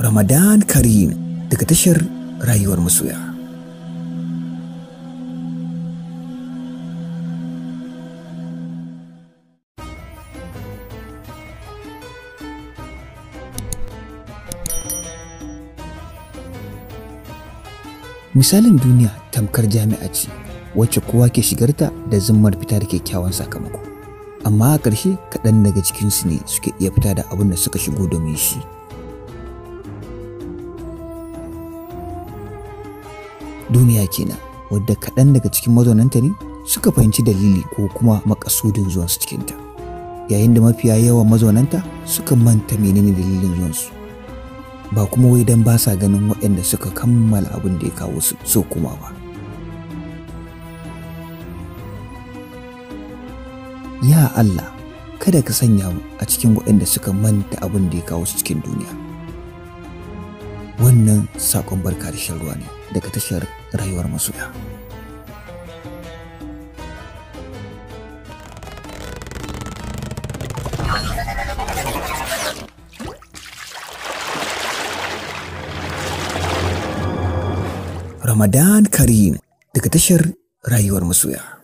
Ramadan Karim daga tashar rayuwar masoya. Misalin duniya tamkar jami'a ce wacce kowa ke shigarta da zimmar fita da kyakkyawan sakamako. Amma a ƙarshe kaɗan daga cikinsu ne suke iya fita da abin da suka shigo domin shi. duniya kenan wadda kaɗan daga cikin mazaunanta ne suka fahimci dalili ko kuma makasudin zuwansu cikinta yayin da mafiya yawan mazaunanta suka manta menene dalilin zuwansu ba kuma wai don ba sa ganin waɗanda suka kammala abin da ya kawo su so kuma ba ya Allah kada ka sanya mu a cikin waɗanda suka manta abin da ya kawo su cikin duniya wannan sakon barka da shan ruwa ne daga tashar rayuwar masoya. Ramadan Karim daga tashar rayuwar masoya.